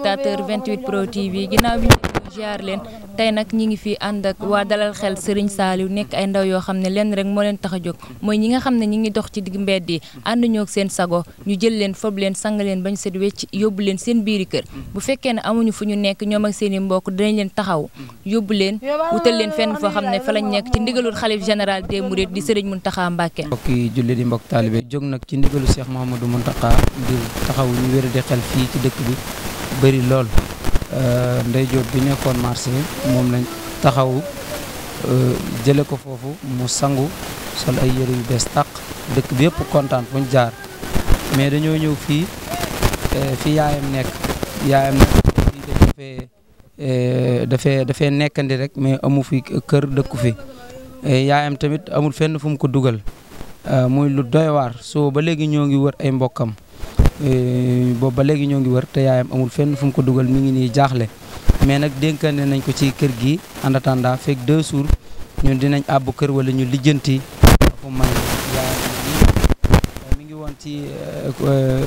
téléspectateur 28 pro TV ginnaaw bi ñu ziar leen tey nag ñi ngi fi ànd ak waa dalal xel Serigne Saliou nekk ay ndaw yoo xam ne lenn rek moo leen tax a jóg mooy ñi nga xam ne ñi ngi dox ci digg mbedd yi ànd seen sago ñu jël leen leen sang leen bañ set wecc yóbbu leen seen biiri kër bu fekkee ne amuñu fu ñu nekk ñoom ak i mbokk dinañ leen taxaw yóbbu leen wutal leen fenn foo xam ne fa lañ nekk ci ndigalul xalif général des mourides di Serigne Mountakha Mbacké mbokki julli di mbokk taalibe jóg nag ci ndigalu Cheikh Mouhamadou Mountakha ngir taxaw ñu wér xel fii ci dëkk bi bëri lool euh, Ndey Jóob bi nekkoon marché moom lañ taxaw euh, jële ko foofu mu sangu sol ay yëre yu bees tàq dëkk bi yëpp kontaan fuñ jaar mais dañoo ñëw fii euh, fi yaayam nekk yaayam nekk fii dafe dafee nekkandi rek mais amu fi kër dëkku fi yaayam tamit amul fenn fu mu ko dugal muy lu doy waar soo ba léegi ñoo ngi wër ay mbokkam Eh, boobu ba léegi ñoo ngi wër te yaayam amul fenn fu ko dugal mu ngi nii jaaxle mais nag dénkane nañ ko ci kër gi en attendant fekk deux jours dinañ àbbu kër wala ñu lijjanti fu may mi ngi woon ci eh,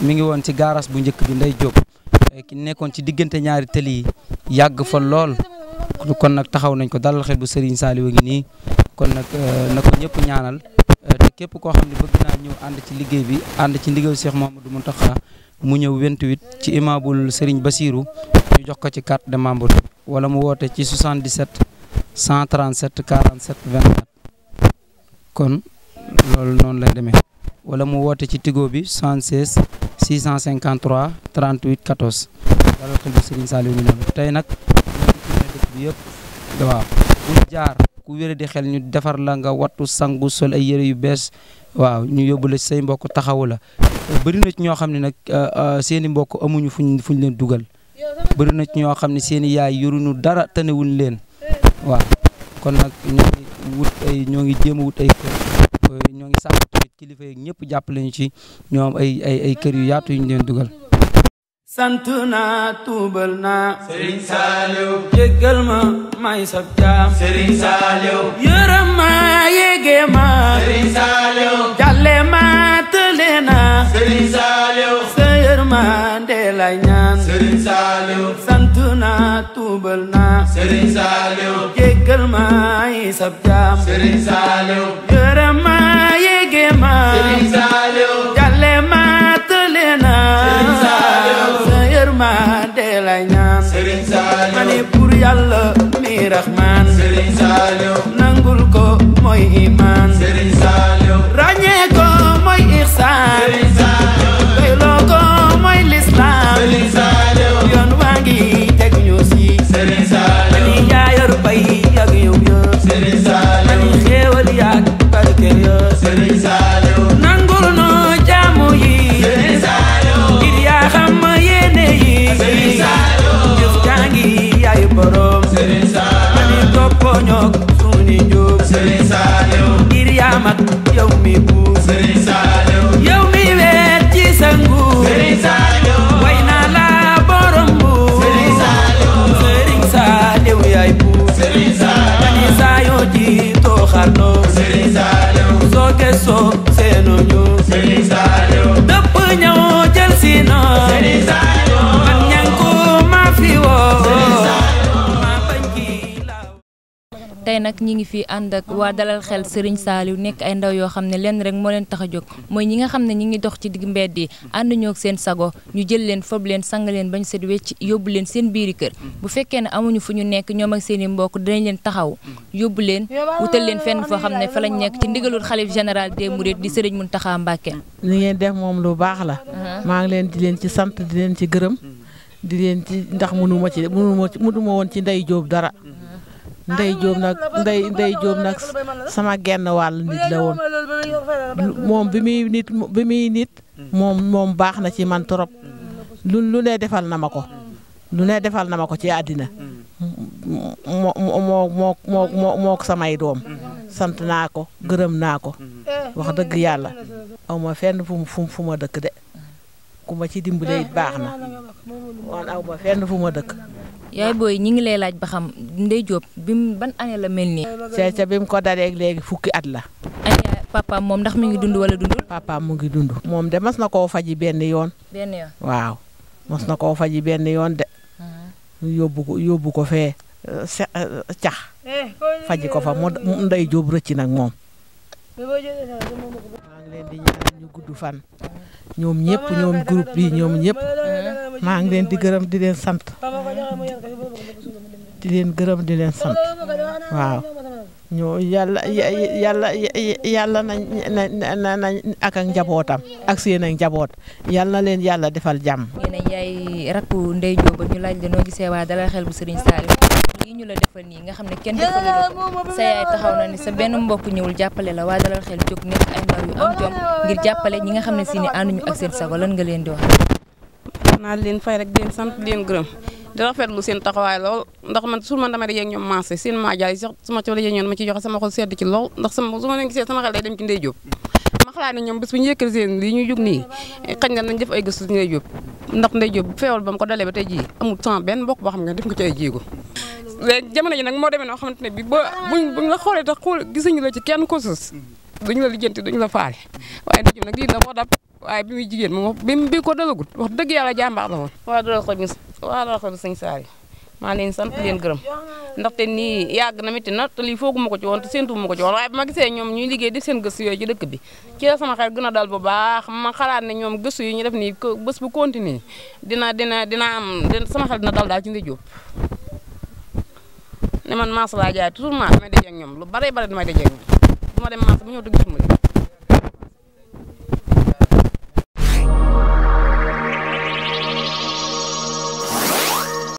mi ngi woon ci gaaras bu njëkk bi nday Jóob eh, ki nekkoon ci diggante ñaari tëli yi yàgg fa lool kon nag taxaw nañ ko dalal xel bu Serigne Saliou a ngi nii kon nag na ko ñëpp ñaanal Euh, te képp koo xam ne bëgg naa ñëw ànd ci liggéey bi ànd ci ndigal Cheikh Mouhamadou Mountakha mu ñëw 28 ci imaabul Serigne Bassirou ñu jox ko ci carte de membre wala mu woote ci 77 137 47 24 kon loolu noonu la demee wala mu woote ci tigo bi 76 653 38 14 dalal xel bi Serigne Saliou tey nag ñu ngi ci bi yëpp waaw buñ jaar ku wéré di xel ñu defar la nga wattu sangu sol ay yére yu bees waaw ñu yóbbu la say mbokk taxawu la bëri ci ñoo xam ne nag euh, euh, seen i mbokk amuñu fuñ fuñ leen dugal bëri na ci ñoo xam ne seen i yaay yoruñu dara tanewuñ leen waaw kon nag ñoo ngi wut jéem a wut ay kër ñoo ngi sàkk tamit kilifa yeeg ñëpp jàppale ñu ci ñoo ay ay ay kër yu yaatu yu leen dugal. ma. Sëriñ Saaliw yërëm ma yéege ma Sëriñ Saaliw jàlle ma tële na Sëriñ Saaliw sa yërmande lay ñaan Sëriñ Saaliw sant na na Sëriñ Saaliw Sëriñ Saaliw yërëm ma yéege ma Sëriñ mooy raxmaan Sëriñ Saaliw nangul ko mooy imaan Sëriñ Saaliw ràññee mooy ixsaan Saaliw doyloo ko mooy lislaam Sëriñ Saaliw Saaliw ani yaa yor bay yag yow Saaliw boo ñoog suñu njóog Sëriñ Saaliw ngir yaa mag yow mi buur Sëriñ Saaliw yow mi weet ci sa nguur Sëriñ Saaliw way naa la borom buur Sëriñ Saaliw Sëriñ Saaliw yaay buur Sëriñ Saaliw mani saa yoo ji too xarloo Sëriñ Saaliw soo gëstoo seenu ñu Sëriñ Saaliw dëpp ñëw tey nag ñi ngi fi ànd waa dalal xel Serigne Saliou nekk ay ndaw yoo xam ne lenn rek moo leen tax a jóg mooy ñi nga xam ne ñi ngi dox ci digg mbedd yi ànd ñoo seen sago ñu jël leen fob leen sang leen ba bañ set wecc yóbbu leen seen biiri kër bu fekkee ne amuñu fu ñu nekk ñoom ak seen i mbokk dinañ leen taxaw yóbbu leen wutal leen fenn foo xam ne fa lañ nekk ci ndigalul xalif général des mourides di Serigne Mountakha Mbacké li ngeen def moom lu baax la uh-huh. maa ngi leen di leen ci sant di leen ci gërëm di leen ci ndax mënuma ci mënuma woon ci ndey jóob dara mm-hmm. ndey jóob nag ndey ndey jóob sama genn wàll nit la woon moom bi muy nit bi muy moom baax na ci man trop lu lu defal na ma ko lu ne defal na ma ko ci àddina moo moo moo moo moo samay doom sant naa ko gërëm naa ko wax dëgg yàlla aw ma fenn fu mu fu ma dëkk de ku ma ci dimbale baax na wan aw ma fu ma dëkk yaay booy ñi ngi lay laaj ba xam Ndeye Diop bi mu ban année la mel nii. Cece bi mu ko dalee léegi fukki at la. année papaam moom ndax mi ngi dund wala dundul. papaam mu ngi dund. moom de mas na koo faji benn yoon. benn waaw mas na koo faji benn yoon de. Mm-hmm. yóbbu ko yóbbu ko fee. Uh, se uh, eh, faji ko fa mu Ndeye Diop rëcc nag moom. ngi leen di ñaanal ñu gudd fan ñoom ñëpp ñoom groupe bi ñoom ñëpp maa ngi leen di gërëm di leen sant di leen gërëm di leen sant waaw ñoo yàlla yàlla yàlla nañ na na ak ak njabootam ak seen ak njaboot yàlla na leen yàlla defal jàmm. ñu ne yaay rakku Ndeye Diop ba ñu laaj la noo gisee waa dalal xel bu Serigne Saliou. yi ñu la defal nii nga xam ne kenn sa yaay taxaw na ni sa benn mbokk ñëwul jàppale la waa dalal xel jóg nekk ay ndaw yu jàppale ñi nga xam ne si ni ànduñu ak seen sago lan nga leen di wax naa leen fay rek di leen sant leen gërëm di rafetlu seen taxawaay lool ndax man su man dama da yeeg ñoom seen maajaay yi sax suma coola ma ci joxe sama xol sedd ci lool ndax sama su ma leen gisee sama xel day dem ma xalaat ne ñoom bés bu ñu yëkkal seen lii ñu jug ni xañ na nañ def ay gëstu Ndeye Diop ndax Ndeye Diop feewal ba mu ko dalee ba tey jii amul temps benn mbokk boo xam nga def nga ci ay jéego léegi jamono ji nag moo demee noo xamante ne bi ba buñ buñ la xoolee tax xool gisuñu la ci kenn ko sus duñ la lijjanti duñ la faale waaye dajum nag lii na moo dab waaye bi muy jigéen moom bi bi ko dalagul wax dëgg yàlla jàmbaar la woon waa dara ko ñu waa dara ko ñu sëñ Saar yi maa leen sant leen gërëm ndaxte nii yàgg na métti na te lii fooguma ko ci woon te séentuwuma ko ci woon waaye ba ma gisee ñoom ñuy liggéey di seen gëstu yooyu ci dëkk bi ci la sama xel gën a dal bu baax ma xalaat ne ñoom gëstu yi ñu def nii bés bu continuer dina dina dina am sama xel dina dal daal ci ndi Jóob ne man maas laa jaay toujours maas damay dajeeg ñoom lu bare bare damay dajeeg ñoom bu ma dem maas